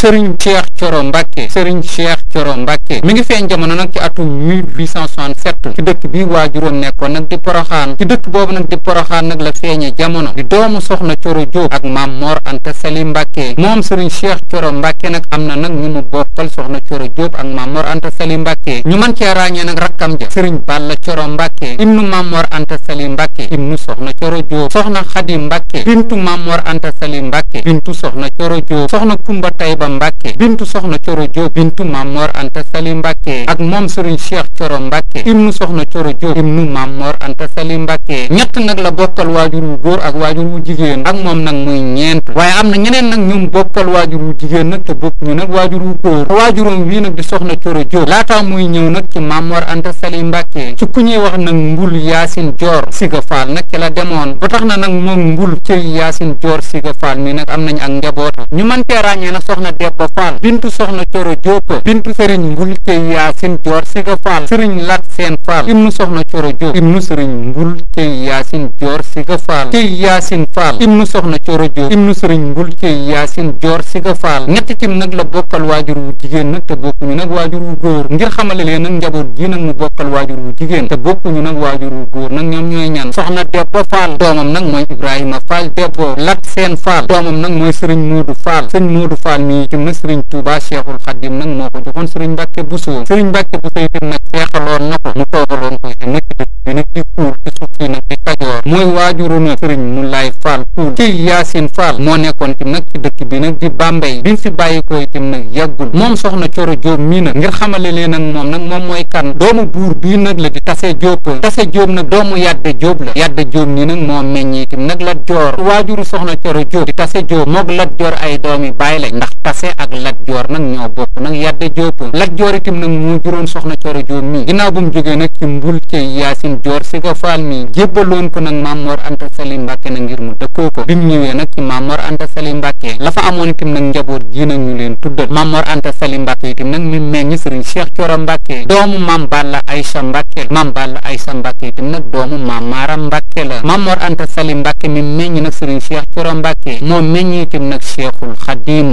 sëriñ Cheikh Thioro Mbacke sëriñ Cheikh Coro Mbacke mi ngi feeñ jamono nag ci atum 1867 ci dëkk bi waajuróom nekkoon nag di poroxaan ci dëkk boobu nag di poroxaan nag la feeñe jamono di doomu soxna Coro Diop ak maam Mor Anta Sali Mbacke moom Serigne Cheikh Coro am na nag ñu mu bokkal soxna Coro Diop ak maam Mor Anta Sali Mbacke ñu mën cee ràññee nag rakkam ja Serigne Balla Coro Mbacke ibnu maam Mor Anta Sali Mbacke ibnu soxna Coro Diop soxna Xadi Mbacke bintu maam Mor Anta Sali Mbacke bintu soxna Coro Diop soxna Kumba Tayba Mbacke bintu soxna Mor Anta Sali Mbàkke ak moom sëriñ Cheikh Coro Mbàkke ibnu soxna Coro Jóob ibnu maam Mor Anta Sali Mbàkke ñett nag la bokkal waajur wu góor ak waajur wu jigéen ak moom nag muy ñeent waaye am na ñeneen nag ñoom bokkal waajur wu jigéen nag te bokk ñu nag waajur wu góor te waajuroom wii nag di soxna Coro Jóob laataa muy ñëw nag ci maam Mor Anta Sali Mbàkke ci ku ñuy wax nag mbul Yaasin Joor Siga Faal nag ci la demoon ba tax na nag moom mbul cëy Yaasin Joor si Faal mi nag am nañ ak ya mbulte yaasin joor siga fal serigne lat sen fal imnu soxna coro te ya sëriñ mbulte yaasin joor fal te ya yaasin fal imnu soxna serigne jóob te ya mbulte yaasin joor siga fal ñett tim nak la bokal wajur wu jigen nak te ñu nak wajur wu góor ngir xamale le nak njabot gi nak mu bokal wajur wu jigen te ñu nak wajur wu góor nak ñoom ñoy ñan soxna debba fal domam nak moy ibrahima faal debbo lat sen fal domam nak moy serigne modou fal serigne modou fal mi ci na serigne touba cheikhul khadim nak moko kon Serigne Mbacke Bousso Serigne Mbacke Bousso itam nag seexaloon na ko mu toogaloon ko itam nekk dëkk bi nag di kuur ci suuf si nag di Kajoor mooy waajuru nag Serigne Moulay Fall kuur ci Yaasin Fall moo nekkoon itam nag ci dëkk bi nag di Bambey bi mu fi bàyyi ko itam nag yàggul moom soxna Coro Jóob mii nag ngir xamale leen nag moom nag moom mooy kan doomu buur bii nag la di Tase Jóob Tase Jóob nag doomu Yadde Jóob la Yadde Jóob nii nag moo meññ itam nag Lat Joor waajuru soxna Coro Jóob di Tase Jóob moog Lat Joor ay doomi bàyyi lañ ndax Tase ak Lat Joor nag ñoo bopp nag Yadde Jóob léopold Lat Joor itam nag moo juróon soxna Coro Jóob mii ginnaaw bu mu jógee nag mbul ci Yaasin Joor si ko faal mii nag Maam Anta Sali Mbàkke nag ngir mu bi mu ñëwee nag ci Maam Mor Anta la fa amoon itam nag njaboot ji nag ñu leen tuddal Maam Mor Anta Sali Mbàkke itam nag mi meññ Sëriñ Cheikh Coro Mbàkke doomu Maam Balla Aysa Mbàkke la Maam Balla Aysa Mbàkke itam nag doomu Maam Maara Mbàkke la Maam Mor Anta Sali Mbàkke mi meññ nag Sëriñ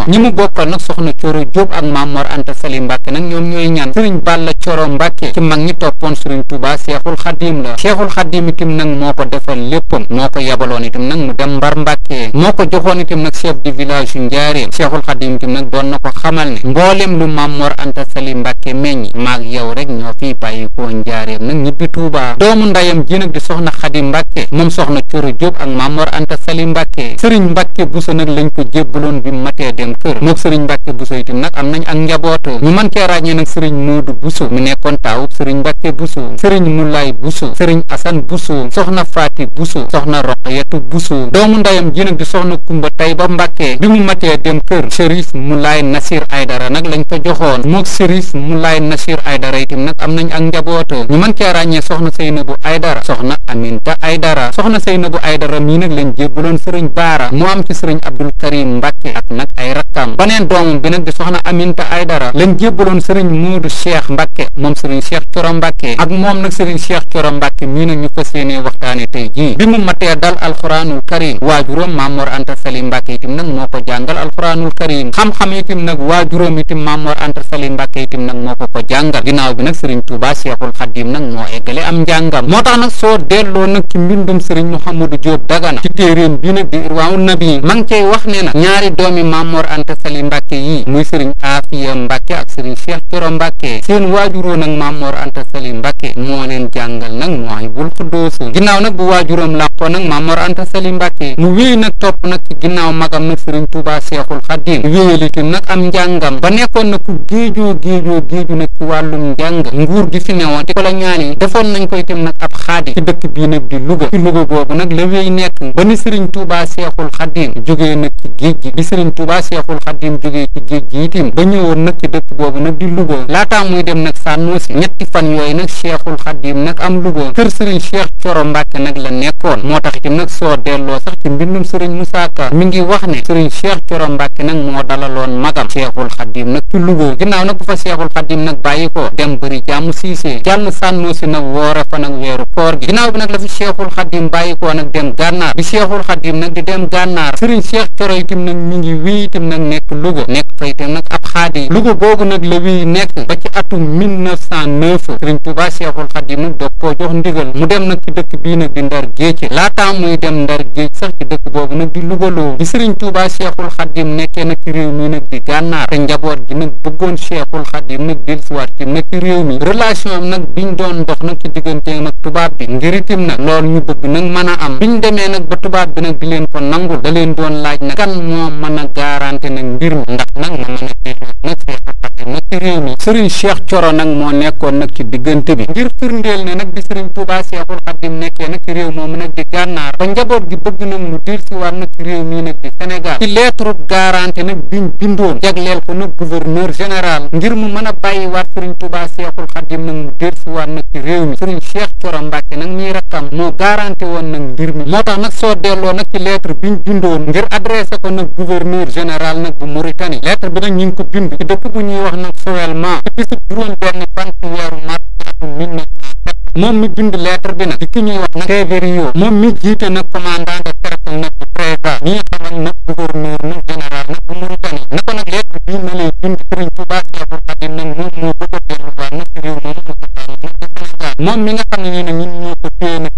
ñi mu bokkal nag soxna Coro Jóob ak Maam Anta Sali Mbàkke nag ñoom ñooy ñaan sëriñ Balla Coro Mbàkke ci mag ñi toppoon sëriñ Tuubaa Seexul Xadiim la Seexul Xadiim itam nag moo ko defal léppam moo ko yabaloon itam nag mu dem Mbar Mbàkke moo ko nag chef de village yu Njaaréem Seexul Xadiim nag doon na ko xamal ne mboolem lu Maam Mor Anta Sali Mbàkke meññ maag yow rek ñoo fi bàyyi koo Njaaréem nag ñibbi Tuubaa doomu da ji nag di soxna Xadi Mbàkke moom soxna Coro Jóob ak Maam Mor Anta Sali Mbàkke sëriñ Mbàkke Buso nag lañ ko jébbaloon bi matee dem kër mook sëriñ Mbàkke Buso itam Mamanké ràññee ya nak serigne modou Bousso mu nekkon taw serigne bakke Bousso serigne moulay Bousso serigne Asan busu soxna frati busu soxna rokhayatu Bousso doomu ndayam ji nag di soxna Kumba ba mbacke bi mu maté dem keur moulay Nasir Aydara nak lañ ko joxoon mok Chérif moulay Nasir Aydara itim nak am nañ ak njaboto ñu man cee ràññee soxna Seynabu Aydara soxna Aminta Aydara soxna Seynabu Aydara mi nak lañ jébbaloon serigne bara mu am ci serigne Abdul Karim mbacke ak nak ay rakam baneen doom bi nak di soxna Aminta Aydara lañ jébbaloon sëriñ Moodu Cheikh Mbacke moom sëriñ Cheikh Thioro Mbacke ak moom nag sëriñ Cheikh Thioro Mbacke mii nag ñu fas yéenee waxtaane tey jii bi mu matee dal alxuraanul karim waajuróom Mamor Anta Sali Mbacke itam nag moo ko jàngal alxuraanul karim xam-xam itam nag waajuróom itam Mamor Anta Sali Mbacke itam nag moo ko ko jàngal ginnaaw bi nag sëriñ Touba Cheikhul Khadim nag moo eggale am njàngam moo tax nag soo delloo nag ci mbindum sëriñ Mouhamadou Diop Dagana ci téeréem bi nag di Irwaa'u Nabi ma ngi cey na ñaari doomi Mamor Anta Sali Mbacke yi muy sëriñ Afiya Mbacke ak sëriñ Cheikh Thioro Mbacke seen waajuroo nag maam Mor Anta Sali Mbacke moo leen jàngal nag Mawahibul Quddus ginnaaw nag bu waajuram làqoo nag maam Mor Anta Sali Mbacke mu wéy nag topp nag ci ginnaaw magam nag sëriñ Touba Cheikhul Khadim wéyalitim nag am njàngam ba nekkoon na ku géejoo géejoo géeju nag ci wàllum nguur gi si newoon di ko la ñaani defoon nañ koy itam nag ab xaadi ci dëkk bii nag di Louga ci Louga boobu nag la wéy nekk ba ni sëriñ Touba Cheikhul ci géej gi bi Serigne Touba Cheikhoul Khadim jógee ci géej gi itim ba ñëwoon nag ci dëkk boobu nag di Louga laataa muy dem nag sànnoosi ñetti fan yooyu nag Cheikhoul Khadim nag am Louga kër Serigne Cheikh Thioro Mbacke nag la nekkoon moo tax itam nag soo delloo sax ci mbindum Serigne Moussa Ka mi ngi wax ne Serigne Cheikh Thioro Mbacke nag moo dalaloon magam Cheikhoul Khadim nag ci Louga ginnaaw nag bu fa Cheikhoul Khadim nag bàyyi ko dem bëri jàmm siisee jàmm sànnoosi nag woore fa nag weeru koor gi ginnaaw dem gànnaar bi Cheikhoul Khadim nag di fay tam nag mi ngi wii tam nag nekk Louga nekk fay tam nag ab xaadi Louga boobu nag la wii nekk ba ci atum 1909 Sëriñ Tuubaa Seexul Xadiim nag doog koo jox mu dem nag ci dëkk bii nag di Ndar Géej laataa muy dem Ndar Géej sax ci dëkk boobu nag di lo bi Sëriñ Tuubaa Seexul Xadiim nekkee nag ki réew mi nag di gànnaar te njaboot gi nag bëggoon Seexul Xadiim nag dellusiwaat ci nag ci réew mi relation am nag biñ don dox nag ci diggante nag tubaab bi ngir itam nag loolu ñu bëgg nag a nag ba tubaab kan moo mën a garanti nag mbir mi ndax nag ma mën a nag ci réew mi sëriñ Cheikh Thioro nag moo nekkoon nag ci diggante bi ngir firndeel ne nag bi sëriñ Touba Cheikhul Khadim nekkee nag ci réew moomu nag di gànnaar ba njaboot gi bëgg nag mu dir si waat nag ci réew mii nag di Sénégal ci lettre garantie nag biñ bindoon jagleel ko nag gouverneur général ngir mu mën a bàyyi waat sëriñ Touba Cheikhul Khadim nag mu dir si réew mi sëriñ Cheikh Thioro Mbacke nag mii rakkam moo garanti woon nag mbir mi moo tax nag soo delloo nag ci lettre biñ bindoon ngir adressé ko na gouverneur général nag bu Mauritanie lettre bi nag ñu ngi ko bind ci bu ñuy wax ma ci bisu juróom benn fan ci weeru mars atum moom mi bind lettre bi di ki ñuy wax nag Severio moom mi jiite nag commandant de cercle nag bu Trésor mi nga xamal nag gouverneur nag général nag bu Mauritanie na ko nag lettre ma a delluwaat mi nga xam ne ñun ñoo ko téye nag ci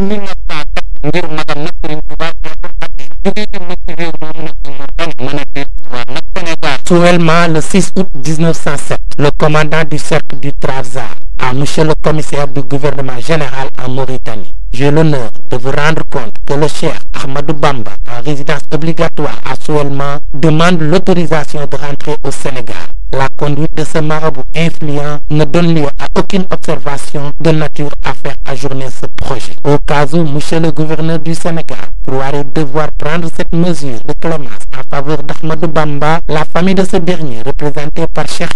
minata ngir mata nakrin tuba ko jadi mesti rumah mana Actuellement, le 6 août 1907, le commandant du cercle du Trarza à Monsieur le commissaire du gouvernement général en Mauritanie. J'ai l'honneur de vous rendre compte que le cher Ahmadou Bamba, en résidence obligatoire actuellement, demande l'autorisation de rentrer au Sénégal. La conduite de ce marabout influent ne donne lieu à aucune observation de nature à faire ajourner ce projet. Au cas où Monsieur le gouverneur du Sénégal croirait devoir prendre cette mesure de clémence en faveur d'Ahmadou Bamba, la famille de ce dernier, représenté par Cheikh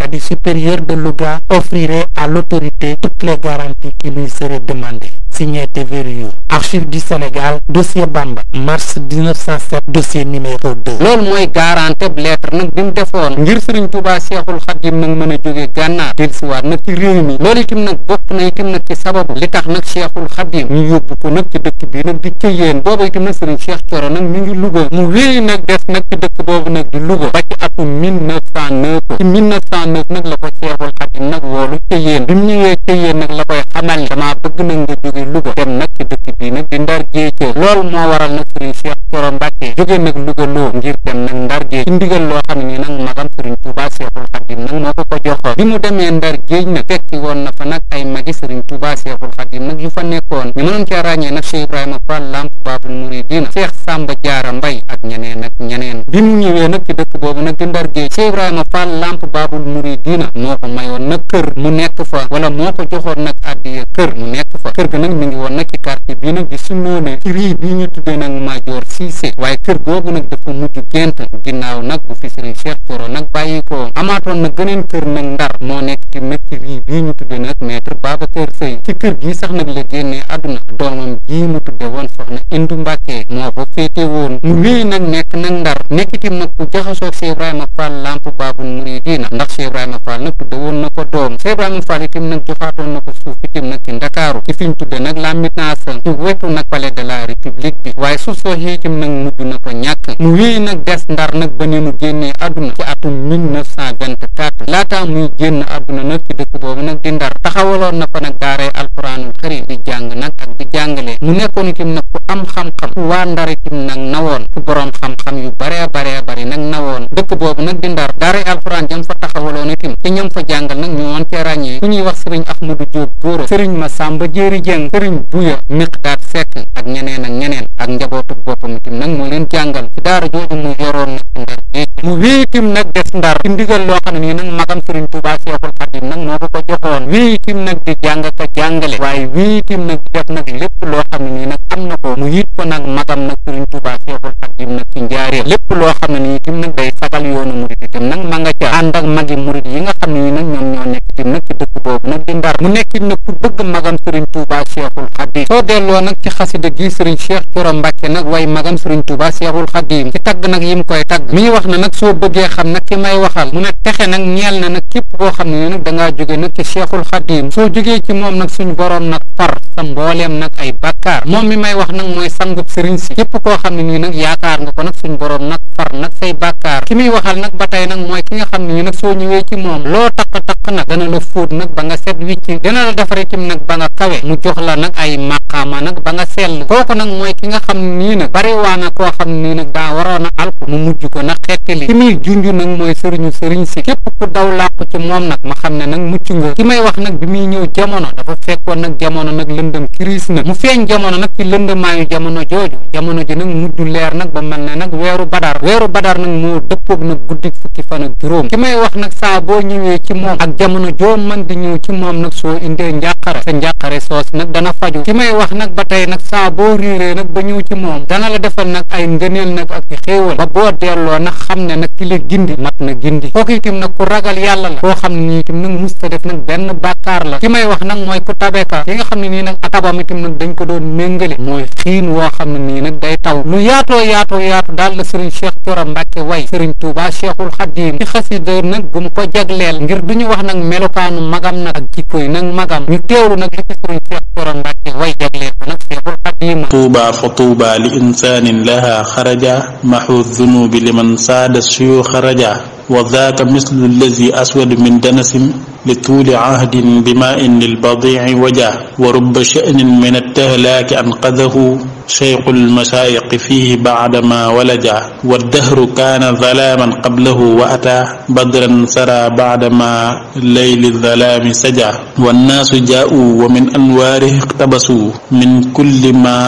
à supérieur de l'Ouba, offrirait à l'autorité toutes les garanties qui lui seraient demandées. signé Théverrier archive du Sénégal dossier Bamba mars 1907 dossier numéro 2 loolu mooy garantie lettre nag bi defoon ngir Serigne Touba Cheikhoul Khadim nag mën a jógee gànnaar dellusiwaat nag ci réew mi loolu itam nag bokk na itam nag ci sababu li nag Cheikhoul Khadim ñu yóbbu ko nag ci dëkk bi nag di cëyeen boobu itam nag Serigne Cheikh Thioro nag mi ngi Louga mu wéy nag des nag ci dëkk boobu nag di Louga ba ci atum 1909 ci 1909 nag la ko Cheikhoul Khadim nag woolu cëyeen bi mu ñëwee nag la Louga dem nag nag di ndar géej loolu moo waral nag sëriñ Cheikh Thioro Mbacke jóge nag Louga loo ngir dem nag ndar géej ci ndigal loo xam ne ni nag magam sëriñ Touba Cheikhul Khadim nag moo ko ko joxoon bi mu demee ndar géej nag fekki woon na fa nag ay magi sëriñ Touba Cheikhul Khadim nag yu fa nekkoon ñu mënoon caa ràññee nag Cheikh Ibrahima Fall Lamp Baabul Mouridina Cheikh Samba Diarra Mbaye ak ñeneen ak ñeneen bi mu ñëwee nag ci dëkk boobu nag di ndar géej Cheikh Ibrahima Fall Lamp Baabul Mouridina moo ko mayoon nag kër mu nekk fa wala moo ko joxoon nag addiya kër mu nekk fa kër ga nag mi ngi woon nag ci quartier bii nag tubaab bi sumoo ne ci riz bi ñu tuddee nag Madior Cissé waaye kër googu nag dafa mujj gént ginnaaw nag bu fi sëriñ Cheikh Thioro nag bàyyi ko amaatoon na gëneen kër nag ndar moo nekk ci nag ci riz bi ñu tuddee nag maître Babacar Seye ci kër gi sax nag la génnee àdduna doomam ji mu tudde woon soxna Indu Mbàkke moo fa féete woon mu wéy nag nekk nag ndar nekkiti nag ku jaxasoo Cheikh Ibrahima Fall lamp baabul muridiina ndax Cheikh Ibrahima Fall nag tudde woon na ko doom Cheikh Ibrahima Fall itam nag joxaatoon bi fi ñu tudde nag la mitance ci wetu nag palais de la république bi waaye suuf soo xeecam nag mujj na ko ñàkk mu wéy nag des ndar nag ba ni mu génnee àdduna ci atum 1924 laataa muy génn àdduna nag ci dëkk boobu nag di ndar taxawaloon na fa na daaree alxuraanul karim di jàng nag ak di jàngale mu nekkoon itam nag ku am xam-xam ku waa ndar itam nag nawoon ku boroom xam-xam yu baree baree bari nag nawoon dëkk boobu nag di ndar daaree alxuraan jam fa taxawaloon itam ci ñam fa jàngal woon cee ràññee ku ñuy wax sëriñ Ahmadou Diop Gora sëriñ Masamba Jéeri Jeng sëriñ Buya Miqdaat Sekk ak ñeneen ak ñeneen ak njabootu boppam tim nag moo leen jàngal ci daara jooju mu yoroon nag ndar mu wéy tim nag des ndar ci ndigal loo xam ne nii nag magam sëriñ Tuubaa Seexul Xadiim nag moo ko ko joxoon wéy tim di jàng ka jàngale waaye wéy tim nag di def nag lépp loo xam ne nii am na ko mu yit ko nag magam nag sëriñ Tuubaa Seexul Xadiim ci njaareem lépp loo xam ne nii tim nag day sagal yoonu murit itam nag ma nga ca ànd ak magi murit yi nga xam ne ni nag ñoom ñoo nekk tim nag ci boobu nag di ndar mu nekk nag ku bëgg magam sëriñ Touba Cheikhul Khadim soo delloo nag ci xasida gi sëriñ Cheikh Thioro Mbacke nag way magam sëriñ Touba Cheikhul Khadim ci tagg nag yim koy tagg mi ngi wax na nag soo bëggee xam nag ki may waxal mu ne texe nag ñeel na nag képp koo xam ne ni nag dangaa soo jógee ci moom nag suñ boroom nag far sa mbooleem ay bàkkaar moom mi may wax nag mooy sangub sëriñ si képp koo xam ne nii nag yaakaar nga ko nag suñ boroom nag far nag say bàkkaar ki muy waxal nag ba tey nag mooy ki nga xam ne nag soo ñëwee ci moom loo taq-taq nag dana la foot nag banga nga set wicc dana la defar itam nag ba nga kawe mu jox la nag ay maqaama nag ba nga sell kooku nag mooy ki nga xam nii nag bari waa na koo xam nii nag daa waroon a alku mu mujj ko nag xettali ki muy junj nag mooy sëriñu sëriñ si képp ku daw làqu ci moom nag ma xam ne nag mucc nga ki may wax nag bi muy ñëw jamono dafa fekkoon nag jamono nag lëndëm crise nag mu feeñ jamono nag ci lëndëmaayu jamono jooju jamono ji nag mujj leer nag ba mel nag weeru badar weeru badar nag moo dëppoog nag guddi fukki fan ak juróom ki may wax nag saa boo ñëwee ci moom ak jamono joo man di ñëw ci moom nag soo indee njàqare sa njàqare soos nag dana faju ki may wax nag ba tey nag saa boo riiree nag ba ñëw ci moom dana la defal nag ay ngëneel nag ak xéewal ba boo delloo nag xam ne nag ki la gindi mat na gindi kooku itam nag ku ragal yàlla la koo xam ne nii itam nag musta def nag benn bàkkaar la ki may wax nag mooy ku ka ki nga xam ne nii nag atabam itam nag dañ ko doon méngale mooy xiin woo xam ne nii nag day taw Coro Mbàkke way sëriñ Tuuba Cheikhul Xadim ci xasida nag gum ko jagleel ngir du duñu wax nag melokaanu magam nag ak jikkoy nag magam ñu teewlu nag li ci sëriñ Cheikh Coro Mbàkke way jagleel ko nag Cheikhul طوبى فطوبى لإنسان لها خرجا محو الذنوب لمن ساد الشيوخ رجا وذاك مثل الذي أسود من دنس لطول عهد بماء للبضيع وجا ورب شأن من التهلاك أنقذه شيخ المشايق فيه بعدما ولجا والدهر كان ظلاما قبله وأتى بدرا سرى بعدما ليل الظلام سجا والناس جاءوا ومن أنواره اقتبسوا من كل ما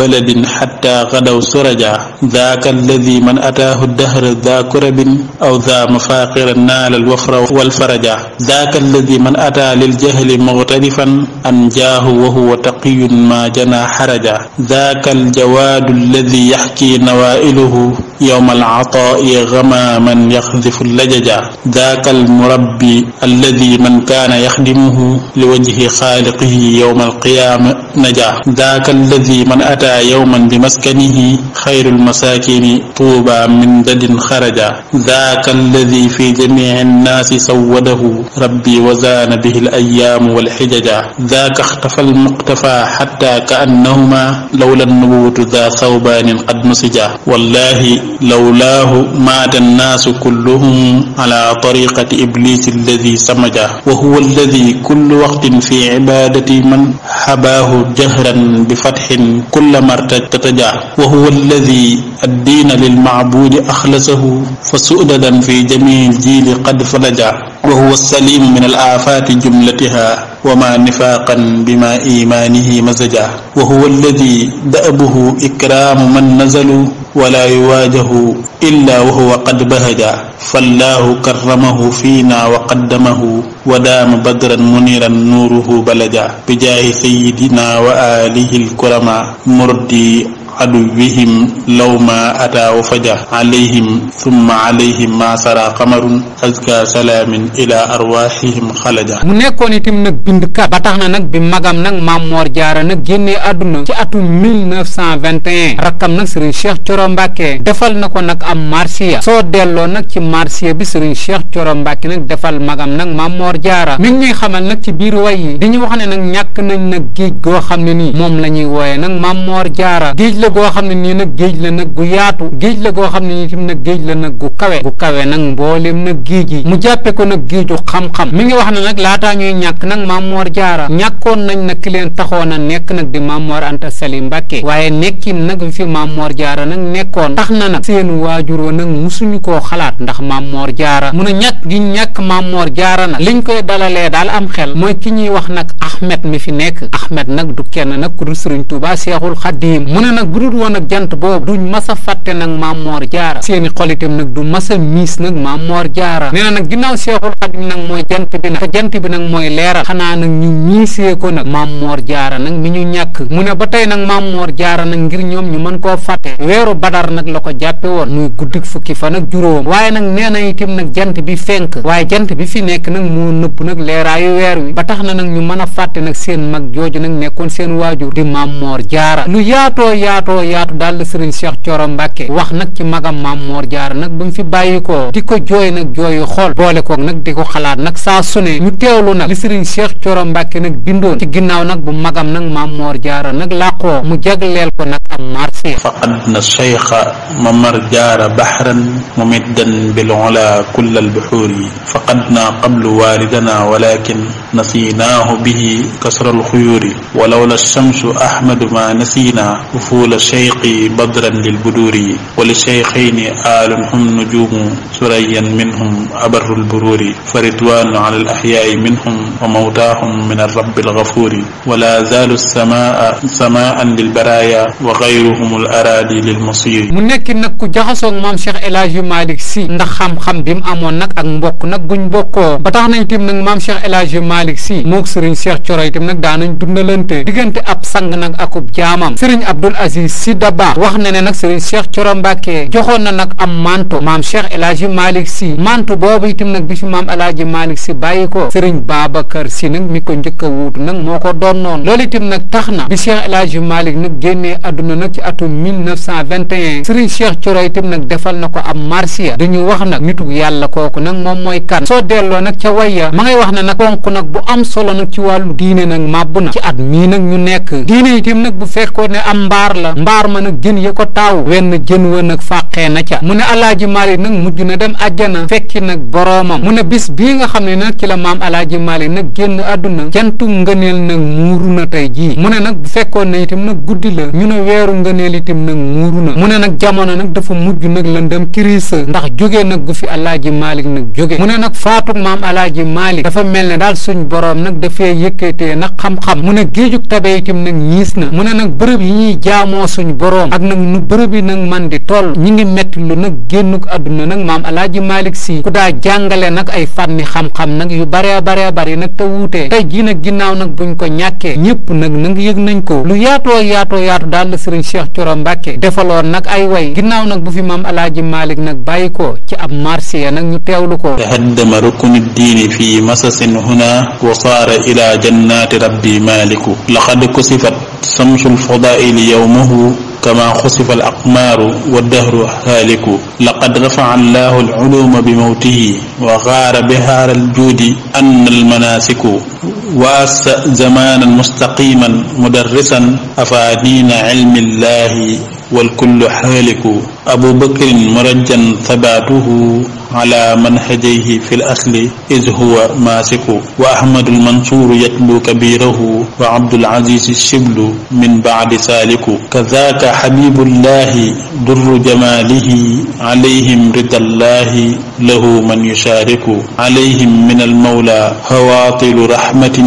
بلد حتى غدوا سرجا ذاك الذي من أتاه الدهر ذا كرب أو ذا مفاقر نال الوفر والفرجا ذاك الذي من أتى للجهل مغترفا أنجاه وهو تقي ما جنى حرجا ذاك الجواد الذي يحكي نوائله يوم العطاء غماما يخذف اللججا ذاك المربي الذي من كان يخدمه لوجه خالقه يوم القيامة نجا ذاك الذي من أتى يوما بمسكنه خير المساكن طوبى من دد خرج ذاك الذي في جميع الناس سوده ربي وزان به الأيام والحجج ذاك اختفى المقتفى حتى كأنهما لولا النبوت ذا ثوبان قد نسجا والله لولاه مات الناس كلهم على طريقة إبليس الذي سمج وهو الذي كل وقت في عبادة من حباه جهرا بفتح كل مرة تتجع وهو الذي الدين للمعبود أخلصه فسؤددا في جميع الجيل قد فلجع وهو السليم من الآفات جملتها وما نفاقا بما إيمانه مزجا وهو الذي دأبه إكرام من نزلوا ولا يواجه إلا وهو قد بهجا فالله كرمه فينا وقدمه ودام بدرا منيرا نوره بلجا بجاه سيدنا وآله الكرما مردي aduwihim law ma ataa wa faja alayhim summa alayhim ma sara xamarun azka salaamin ila arwaxihim xalaja mu nekkoon itam nag bind ba tax nag bi magam nag maam Moor Jaara nag génnee àdduna ci atum 1921 rakkam nag sëriñ Cheikh Coro Mbàkke defal na ko nag am marsiya soo delloo nag ci marsiya bi sëriñ Cheikh Coro Mbàkke nag defal magam nag maam Moor Jaara mi ñuy xamal nag ci biir way yi di ñu wax ne nag ñàkk nañ nag géej goo xam moom la ñuy wooye nag maam Jaara géej la goo xam ne nii nag géej la nag gu yaatu géej la goo xam ne nii tam nag géej la nag gu kawe gu kawe nag mboolem nag géej yi mu jàppe ko nag géeju xam-xam mi ngi wax ne nag laataa ñuy ñàkk nag Maam Moor Jaara ñàkkoon nañ nag ki leen taxoon a nekk nag di Maam Moor Anta Sali waaye nekkin nag fi Maam Moor Jaara nag nekkoon tax na nag seen waajuroo nag musuñu koo xalaat ndax Maam Moor Jaara mu ne ñàkk gi ñàkk Maam Moor Jaara nag liñ koy dalalee daal am xel mooy ki ñuy wax nag Ahmed mi fi nekk Ahmed nag du kenn nag ku dul Sëriñ Tuubaa Seexul Xadiim bu dul woon ak jant boobu duñ mas a fàtte nag maam moor jaara seeni xol itam nag du mas a miis nag maam moor jaara nee nag ginnaaw seexul xadim nag mooy jant bi nag bi nag mooy leeral xanaa nag ñu miisee ko nag maam moor jaara nag mi ñu ñàkk mu ne ba tey nag maam moor jaara nag ngir ñoom ñu mën koo fàtte weeru badar nag la ko jàppe woon muy guddik fukki fan ak juróom waaye nag nee na itam nag jant bi fenk waaye jant bi fi nekk nag moo nëpp nag leeraayu weer wi ba tax na nag ñu mën a fàtte nag seen mag jooju nag nekkoon seen waajur di maam moor jaara lu yaatoo yaatoo yaatu dal serigne Cheikh Thioro mbake wax nak ci magam mam Mor jaar nak ba fi bayiko diko joy nak joy nag jooyu xool boole koog nag xalaat nak sa suné ñu téwlu nak li serigne Cheikh Thioro mbake nak bindoon ci ginnaw nak bu magam nak mam Mor jaar nak laqo mu jaglel ko nak am marché jaar bahran mumiddan bil جار kull al بالعلا كل البحور فقدنا قبل والدنا ولكن نسيناه به كسر الخيور ولولا الشمس أحمد ما نسينا أفول لشيقي بدرا للبدور ولشيخين آل هم نجوم سريا منهم أبر البرور فرضوان على الأحياء منهم وموتاهم من الرب الغفور ولا زال السماء سماء للبرايا وغيرهم الأرادي للمصير منك نك جاسون مام شيخ إلهي مالك سي نخام خام بيم أمون نك أك بوك نك غن بوك باتاخ نانتيم نك مام شيخ إلهي مالك سي موك سيرين شيخ تشوراي تيم نك دانن دونلنتي ديغنتي اب سانغ نك اكوب جامام سيرين عبد العزيز si Sida Ba wax na ne nag Serigne Cheikh Thioro Mbacke joxoon na nag am manto maam Cheikh El Hadji Malick Sy manto boobu itam nag bi fi maam El Hadji Malick Sy bàyyi ko Serigne Babacar Sy nag mi ko njëkk a wuutu nag moo ko doon noonu loolu itam nag tax na bi Cheikh El Hadji Malick nag génnee àdduna nag ci atum 1921 Serigne Cheikh Thioro defal na ko am marsiya dañu wax nag nitu yàlla kooku nag moom mooy kan soo delloo nag ca waya ma ngay wax ne nag ci wàllu diine na ci at mii nag ñu nekk diine itam nag bu ca mbaar ma nag jën ya ko taaw wenn jën wa nag fàqee na ca mu ne alaaji maalik nag mujj na dem àjjana fekki nag boroomam mu ne bis bii nga xam ne nag ci maam alaaji maalik nag génn àdduna jantum ngëneel nag muuru na tey jii mu ne nag bu fekkoon na itam nag guddi la ñu ne weeru ngëneel itam nag muuru na mu ne nag jamono nag dafa mujj nag lëndëm kiriisa ndax jóge nag gu fi alaaji maalik nag jóge mu ne nag faatug maam alaaji maalik dafa mel na daal suñ boroom nag dafee yëkkatee nag xam-xam mu ne géejug tabe itam na mu ne nag bërëb yi ñuy moo suñ boroom ak nag nu bërëb yi nag man di toll ñi ngi metti lu nag génnuk adduna nag maam alaaji Malick Sy ku daa jàngale nag ay fànni xam-xam nag yu baree baree bari nag te wuutee tey jii nag ginnaaw nag buñ ko ñàkkee ñëpp nag nag yëg nañ ko lu yaatoo yaatoo yaatu daal la sëriñ Cheikh Thioro defaloon nag ay way ginnaaw nag bu fi maam alaaji Malick nag bàyyi ko ci ab marché nag ñu teewlu ko tahaddama ruknu diini fii masasin huna wa saara ila jannati rabbi وزنه كما خسف الأقمار والدهر هالك لقد رفع الله العلوم بموته وغار بهار الجود أن المناسك وأس زمانا مستقيما مدرسا أفادين علم الله والكل حالك أبو بكر مرجا ثباته على منهجيه في الأصل إذ هو ماسك وأحمد المنصور يتلو كبيره وعبد العزيز الشبل من بعد سالك كذاك حبيب الله در جماله عليهم رضا الله له من يشارك عليهم من المولى هواطل رحمة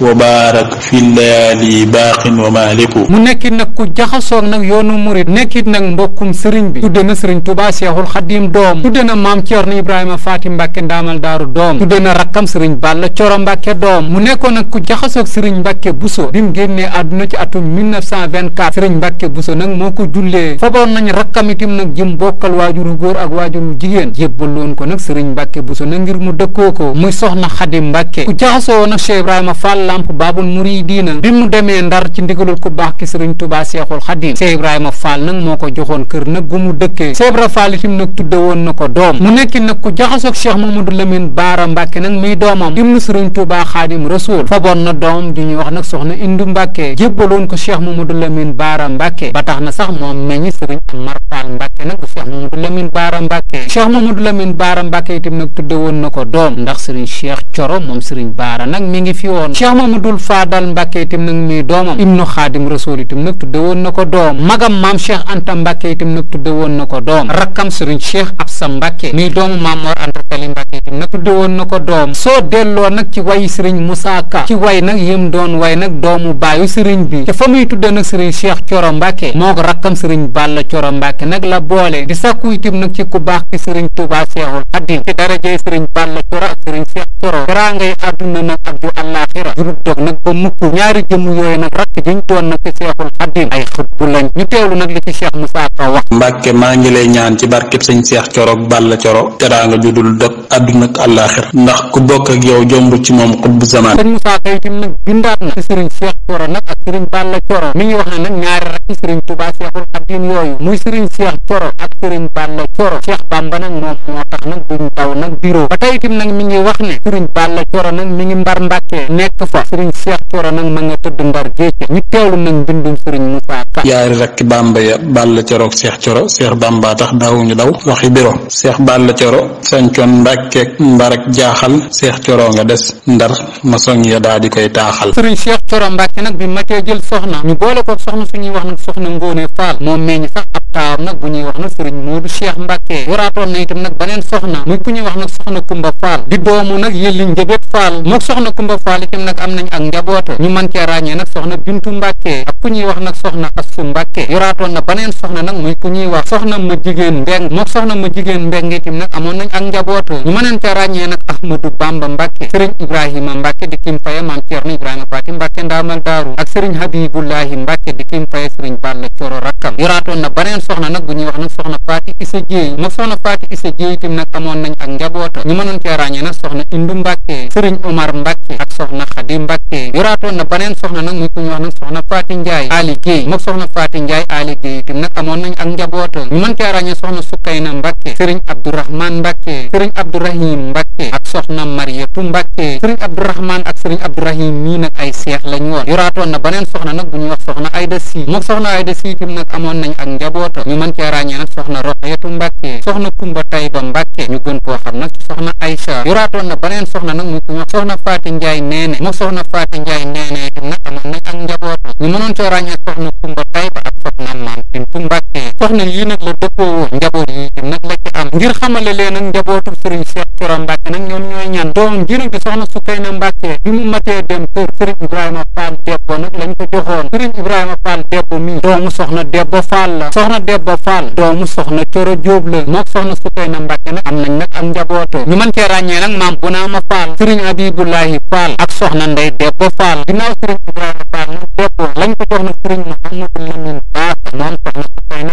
وبارك في الليالي باق ومالك منك nekkit جخصو نك يونو مريد yoonu نك بوكم سرين بي tudde na sëriñ Touba Cheikhul Khadim doom tudde na maam Ceerno Ibrahima Faati Mbàkke ndaamal daaru doom tudde na rakkam sëriñ Balla Coro Mbàkke doom mu nekkoon nag ku jaxasoog sëriñ Mbàkke Buso bi mu génnee àdduna ci atum 1924 moo ko jullee faboon nañ rakkam itam nag jëm bokkal waajuru góor ak waajuru jigéen jébbaloon ko nag sëriñ Mbàkke Buso nag ngir mu dëkkoo ko muy soxna Xadim Mbàkke ku jaxasoo nag Cheikh Ibrahima Fall Lamp Baabul Muriidiina bi mu demee Ndar ci ndigalul ku baax ki sëriñ Touba Cheikhul Khadim mu dëkkee Cheikh Ibra Fall itam nag tudde woon na ko doom mu nekkin nag ku jaxasoog Cheikh Mamadou Lamine Baara Mbàkke nag muy doomam ibnu Sëriñ Tuubaa Xaadim Rasuul faboon na doomam ju ñuy wax nag soxna Indu Mbàkke jébbaloon ko Cheikh Mamadou Lamine Baara tax na sax moom meññi Sëriñ Amar Fall Mbàkke nag bu Cheikh Mamadou Lamine Baara Mbàkke Cheikh Mamadou Lamine Baara Mbàkke itam nag tudde woon na ko doom ndax Sëriñ Cheikh Coro moom Sëriñ Baara nag mi ngi fi woon Cheikh Mamadou Fadal Mbàkke itam nag woon na ko doom magam maam Cheikh Anta Mbàkke itam nag tudde woon na ko doom rakkam sëriñ cheikh Absa Mbacke muy doomu Mamor Anta Sali Mbacke itam nag tudde woon na ko doom soo delloo nag ci wayi sëriñ Moussa Ka ci way nag yëm doon way nag doomu baayu sëriñ bi te fa muy tudde nag sëriñ cheikh Coro Mbacke moo ko rakkam sëriñ Balla Coro Mbacke nag la boole di sàkku itam nag ci ku baax ki sëriñ Touba Cheikhul Khadim ci darajey sëriñ Balla Coro ak sëriñ cheikh Coro dara ngay àdduna nag ak ju àllaaxira jurut dog nag ba mukk ñaari jëmm yooyu nag rakk jiñ doon nag ci Cheikhul barke ma ngi lay ñaan ci barke barkeb cheikh seex balla cioro coro nga judul dëkk aduna ak alakhir ndax ku bok ak yow jombu ci mom xutbu zaman sëñ musa Kay tim nak bindaat na ci sëriñ seex coro nag ak sëriñ balla cioro mi ngi waxe nak ñaar rek ci sëriñ touba cheikhul xadim yooyu muy sëriñ cheikh coro ak sëriñ balla cioro cheikh bamba nak moom moo tax nak duñ taw nak biro ba tey tim nak mi ngi wax ne sëriñ balla cioro nak mi ngi mbar mbacke nek fa sëriñ cheikh coro nak ma nga tudd mbar géej ñu tewlu nak bindum sëriñ musa Ka yaari rakki bàmba ya balla cioro cheikh cioro Cheikh Bamba tax daawuñu daw waxi biro Cheikh Balla Coro sancoon Mbàkke Mbarak jaaxal Cheikh Coro nga des ya daa di koy taaxal sëriñ Cheikh Coro Mbàkke nag bi matee jël soxna ñu boole ko soxna suñuy wax nag soxna Ngóone Faal moom meññ sax ab taawam nag bu ñuy wax nag sëriñ Moodu Cheikh Mbàkke waraatoon na itam nag baneen soxna muy ku ñuy wax nag soxna Kumba Faal di doomu nag yëlli njëbét Faal mook soxna Kumba Faal itam nag am nañ ak njabooto ñu mën cee nag soxna Bintu Mbàkke ak ku ñuy wax nag soxna Assu Mbàkke yoraatoon na baneen soxna nag muy ku ñuy wax soxna ma jigéen mbeng mook soxna ma jigéen mbeng itam nag amoon nañ ak njaboot ñu mëneen ca ràññee nag Ahmadou Bamba Mbacke sëriñ Ibrahima Mbacke di kim faye maam Ceerno Ibrahima Faati Mbacke ndaamal daaru ak sëriñ Habibullahi Mbacke di kim faye sëriñ Balla Coro rakkam yoraatoon na baneen soxna nag bu nag soxna Faati Isa Jéey mook soxna Faati Isa Jéey itam nag amoon nañ ak njaboot ñu mënoon ca ràññee nag soxna Indu Mbacke sëriñ Omar Mbacke ak soxna Xadi Mbacke na baneen soxna nag muy ku ñuy wax nag soxna Faati Njaay Ali Jéey mook soxna Faati Njaay Ali Jéey amoon nañ ak njaboot ñu mën cee ràññee soxna Sukayna Mbacke sëriñ Abdourahman Mbacke sëriñ Abdourahim Mbacke ak soxna Mariétu Mbacke sëriñ Abdourahman ak sëriñ Abdourahim mii nag ay seex lañ woon yoraatoon na beneen soxna nag bu ñuy wax soxna Ayda Si mook soxna Ayda Si tim nag amoon nañ ak njaboota ñu mën cee ràññee nag soxna Roxeetu Mbacke soxna Kumba Tayba Mbacke ñu gën koo xam nag soxna Aïcha yoraatoon na beneen soxna nag mu ku ñuy wax soxna Faati Njaay Neene mook soxna Faati Njaay Neene itam nag amoon nañ ak njaboota ñu mënoon cee ràññee soxna Kumba Tayba ak soxna Maam Bintu Mbacke soxna yi Nak la dëppoo njaboot yi nag la ci am ngir xamale leen ak njabootu Serigne Cheikh Thioro Mbacke nag ñoom ñan doom di soxna Mbacke bi mu dem kër Serigne Ibrahima Fall Debbo nag lañ ko joxoon Serigne Ibrahima Fall Debbo mi doomu soxna Debbo Fall la soxna Debbo Fall doomu soxna Thioro Diop la moog soxna Soukeyna Mbacke nag am nañ nag am njabooto ñu mën cee ràññee nag maam Bunaama Fall Serigne Abibulahi Fall ak soxna Ndey Debbo Fall Serigne Ibrahima Fall lañ ko Serigne Lamine Ba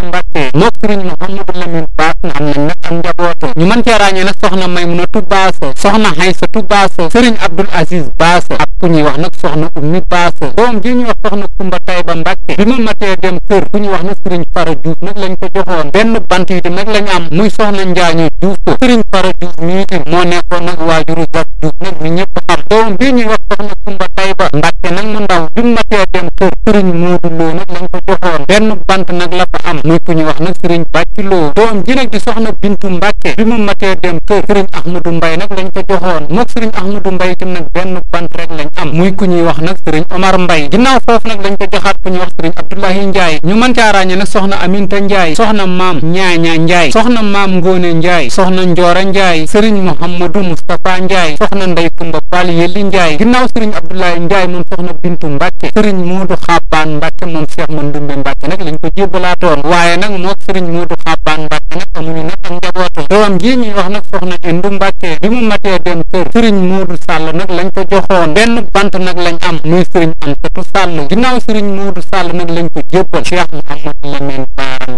Mbacke mook sëriñ Mouhamadou Lamine Bass na am nañ nag am njabootam ñu mën cee ràññee nag soxna Maymunatu Bass soxna Haysatu Bass sëriñ Abdoul Aziz Bass ak ku ñuy wax nag soxna Ummi Bass doom ji ñuy wax soxna Kumba Tayba Mbàkke bi ma matee dem kër ku ñuy wax nag sëriñ Fara Diouf nag lañ ko joxoon benn bant yi nag lañ am muy soxna Njaañu Diouf sëriñ Fara Diouf mi itam moo nekkoon nag waajuru Jack Diouf nag bi ñuy wax soxna Kumba bay ba Mbàkke nag mu ndaw bi mu dem kër sëriñ Moodu Lo nag lañ ko joxoon benn bant nag la am muy ku ñu wax nag sëriñ Bàcci Lo doom ji nag di soxna Bintu Mbàkke bi mu ma tee dem kër sëriñ Ahmadu Mbay nag lañ ko joxoon mook sëriñ Ahmadu Mbay itam nag benn bant rek lañ am muy ku ñuy wax nag sëriñ Omar Mbay ginnaaw foofu nag lañ ko joxaat ku ñuy wax sëriñ Abdoulahi Njaay ñu mën caa ràññe nag soxna Aminta Njaay soxna maam ñaaña Njaay soxna maam Ngóone Njaay soxna Njoora Njaay sëriñ Muhammadu Mustafa Njaay soxna Ndey Kumba Faal Yelli Njaay ginnaaw sëriñ Abdoulahi Abdoulaye Ndiaye moom soxna Bintu Mbacke sëriñ Moodu Xaabaan Mbacke moom Cheikh Mandoumbe Mbacke nag lañ ko jébbalaatoon waaye nag mook sëriñ Moodu Xaabaan Mbacke nag amuñu nag ak njabootu doom ji ñuy wax nag soxna Indu Mbacke bi mu matee dem kër sëriñ Moodu Sall nag lañ ko joxoon benn bant nag lañ am muy sëriñ Amsatu Sall ginnaaw sëriñ Moodu Sall nag lañ ko jébbal Cheikh Mouhamadou Lamine Bara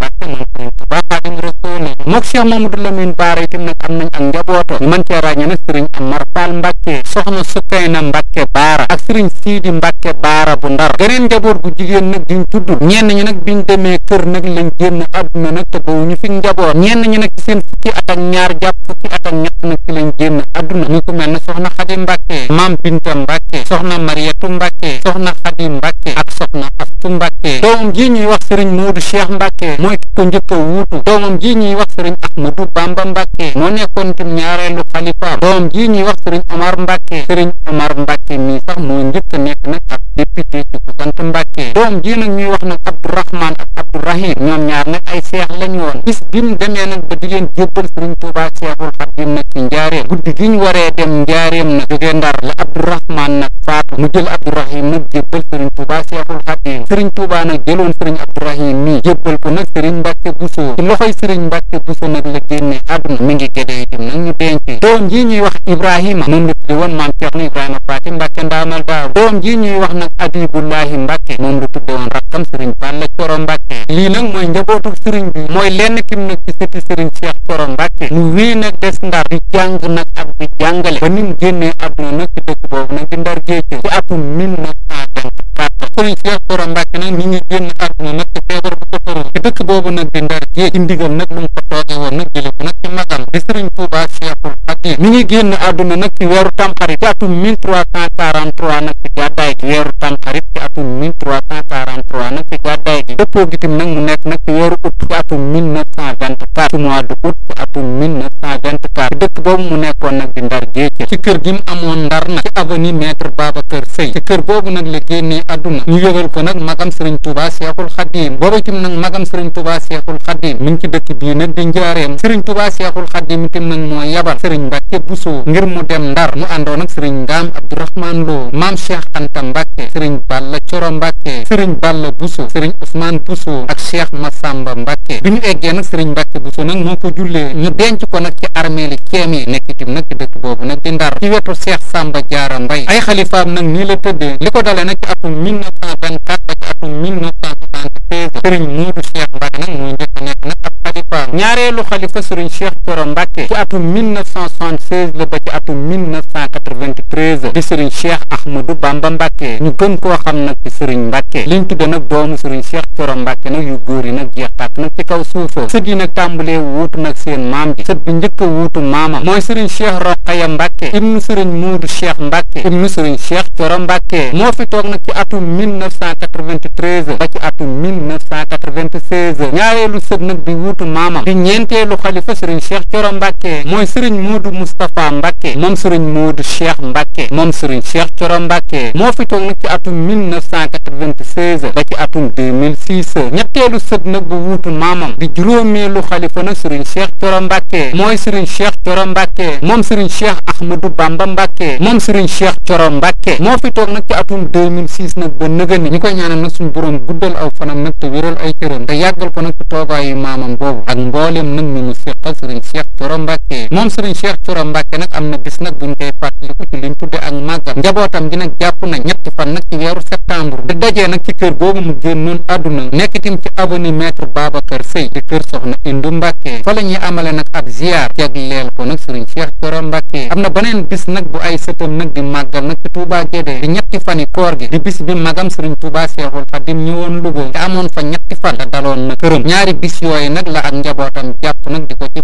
Moksia Cheikh Mamadou Lamine Bara tim nak am nañ ak njaboto man ci cee na serigne Amar Fall Mbacke soxna Sukayna Mbacke bara ak serigne Sidi Mbacke bara bu Ndar geneen njabor gu jigen nak diñ tuddu ñen ñi nak biñ deme kër nak lañ genn aduna nak te bawuñu fi njabor ñen ñi nak ci seen fukki at ak ñaar japp fukki at ak ñett nak ci lañ genn aduna ñu ko melni soxna khadim Mbacke mam Binta Mbacke soxna mariatu Mbacke soxna khadim Mbacke ak soxna aftu Mbacke doom ji ñuy wax serigne modou Cheikh Mbacke moy ko njëkk wuutu doom ji ñuy wax serigne Ahmadu bamba mbacké moo nekkoon ci ñaareelu xalifa dom ji ñuy wax serigne omar mbacké serigne omar mbacké mi sax moo njëkk nekk nag ab député ci ku sant mbacké doom ji nag ñuy wax nag abdourahman ak abdourahim ñoom ñaar nag ay seex lañ woon bis bi mu demee ba di leen jébbal serigne touba seexul xadim nag ci njaareem guddi gi ñu waree dem ya njaareem nag jóge ndar la abdourahman nag faatu mu jël abdourahim nag jébbal serigne touba seexul xadim serigne touba nag jëloon serigne abdourahim mi jébbal ko nag serigne mbacké bousso ci loxoy serigne Buso nag la génne àdduna mi ngi gédee itam nag ñu denc doom ji ñuy wax Ibrahima moom la tudde woon maam Ceerno Ibrahima Faati Mbàkke ndaamal daaru doom ji ñuy wax nag Abibullahi Mbàkke moom la tudde woon rakkam Sëriñ Balla Coro Mbàkke lii nag mooy njabootu sëriñ bi mooy lenn kim nag ci sëti Sëriñ Seex Coro Mbàkke mu wii nag des ndar di jàng nag ak di jàngale ba nim génnee àdduna nag ci dëkk boobu nag di ndar géej ci atum mille neuf cent sëriñ Cheikh Thioro Mbacke nag nag ci feebar bu ko dëkk boobu nag di Ndar gi ci ndigal nag lu mu ko toogee woon nag jële ko nag ci magam di sëriñ Touba Cheikhul Khadim mi ngi génn àdduna nag ci weeru tamxarit ci atum gi weeru tamxarit ci atum 1343 nag ci gàddaay gi mu nekk nag ci weeru août ci atum 1924 ci mois de août ci atum 1924 ci dëkk boobu mu nekkoon nag di Ndar gi ci kër gi amoon Ndar nag ci avenue Maître Babacar Seye ci kër boobu nag la génnee aduna ñu yëgal ko nak magam serigne Touba Seexul Xadim booba itam nak magam serigne Touba cheikhul khadim mi ngi ci dëkk bi nak di njaareem serigne Touba cheikhul khadim tim nak mo yabal serigne mbacke busso ngir mu dem Ndar mu ando nak serigne ngam abdourahman Lo mam Cheikh Anta mbacke serigne Balla Coro mbacke serigne Balla busso serigne Ousmane busso ak Cheikh Massamba mbacke bi ñu eggee nag sëriñ Mbàkke Buso nag moo ñu denc ko nak ci armeeli ceem yi nekk tim nak ci dëkk bobu nak di Ndar ci wétu Cheikh Samba Jaara Mbay ay khalifa nak ni la tëddee liko dalé nak ci atum mille neuf cent vingt quatre ba ci atum mille neuf cent soixante seize sëriñ Modou Cheikh Mbacke nag mooy njëkk nekk nag ab xalifa ñaareelu xalifa sëriñ Cheikh Thioro Mbacke ci atum mille neuf cent soixante seize la ba ci atum mille neuf cent quatre vingt treize di sëriñ Cheikh Ahmadou Bamba Mbacke ñu gën koo xam nag ci sëriñ Mbacke liñ tudde nag doomu sëriñ Cheikh Thioro Mbacke nag yu góor yi nag jeex tàkk nag ci kaw suufoo sët yi nag tàmbalee wuutu nag seen maam ji sët bi njëkk a wuutu maamam mooy sëriñ Cheikh Rokhaya Mbacke ibnu sëriñ Modou Cheikh Mbacke ibnu sëriñ Cheikh Thioro Mbacke moo fi toog nag ci atum 1993 ba ci atum 1996 ñaareelu sët nag bi wuutu maamam di ñeenteelu xalifa sëriñ cheikh coro mbàkke mooy sëriñ moodu moustapha mbàkke moom sëriñ moodu cheikh mbàkke moom sëriñ cheikh coro mbàkke moo fi toog nag ci atum 1996 ba ci atum 2006 ñetteelu sët nag bu wuutu maamam di juróomeelu xalifa nag sëriñ cheikh coro mbàkke mooy sëriñ cheikh coro mbàkke moom sëriñ cheikh ahmadou bamba mbàkke moom sëriñ cheikh coro mbàkke moo fi toog nag ci atum 2006 nag ba nëgëni ñi koy ñaanal nag suñu borom guddal aw fanam nag te wéral ay cëram te yàggal ko nag ci toogaayu maamam boobu ak mboolem nag ñu mu séqal sëriñ Cheikh Thioro Mbacke moom sëriñ Cheikh Thioro Mbacke nag am na bis nag buñ koy fàttaliku ci liñ tudde ak màggal njabootam gi nag jàpp na ñetti fan nag ci weeru septembre di dajee nag ci kër googu mu génnoon àdduna nekk tim ci avenue maître Babacar Seye di kër soxna Indou Mbacke fa la ñuy amale nag ab ziar jagleel ko nag sëriñ Cheikh Thioro Mbacke am na beneen bis nag bu ay sëtam nag di màggal nag ci Touba Guédé di ñetti fani bis bi magam sëriñ Tuubaa Seexul Xadim ñëwoon Louga te amoon fa ñetti fan la daloon na këram ñaari bis yooyu nag la ak njabootam jàpp nag di ko ci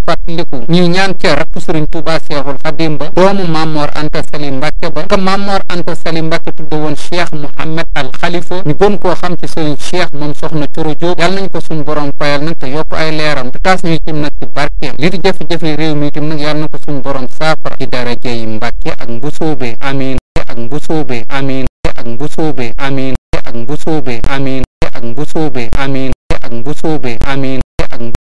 ku ñuy ñaan ca rakku sëriñ Tuubaa Seexul Xadim ba doomu Mamor Anta Sali Mbàkke ba ka Mamor Anta Sali Mbàkke tudde woon Cheikh Mouhamed Al Khalifa ñu gën koo xam ci sëriñ Cheikh soxna Coro Jóob nañ ko suñ borom fayal nag te yokk ay leeram te taas ñuy tim nag ci barkeem di jafe-jafe réew mi tim nag yàlla ko suñ borom saafara ci daraje yi Mbàkke ak mbusóobe amiin ak mbusóobe amiin Angbusobe, Amin, Angbusobe, Amin, Angbusobe, Amin, Angbusobe, Amin.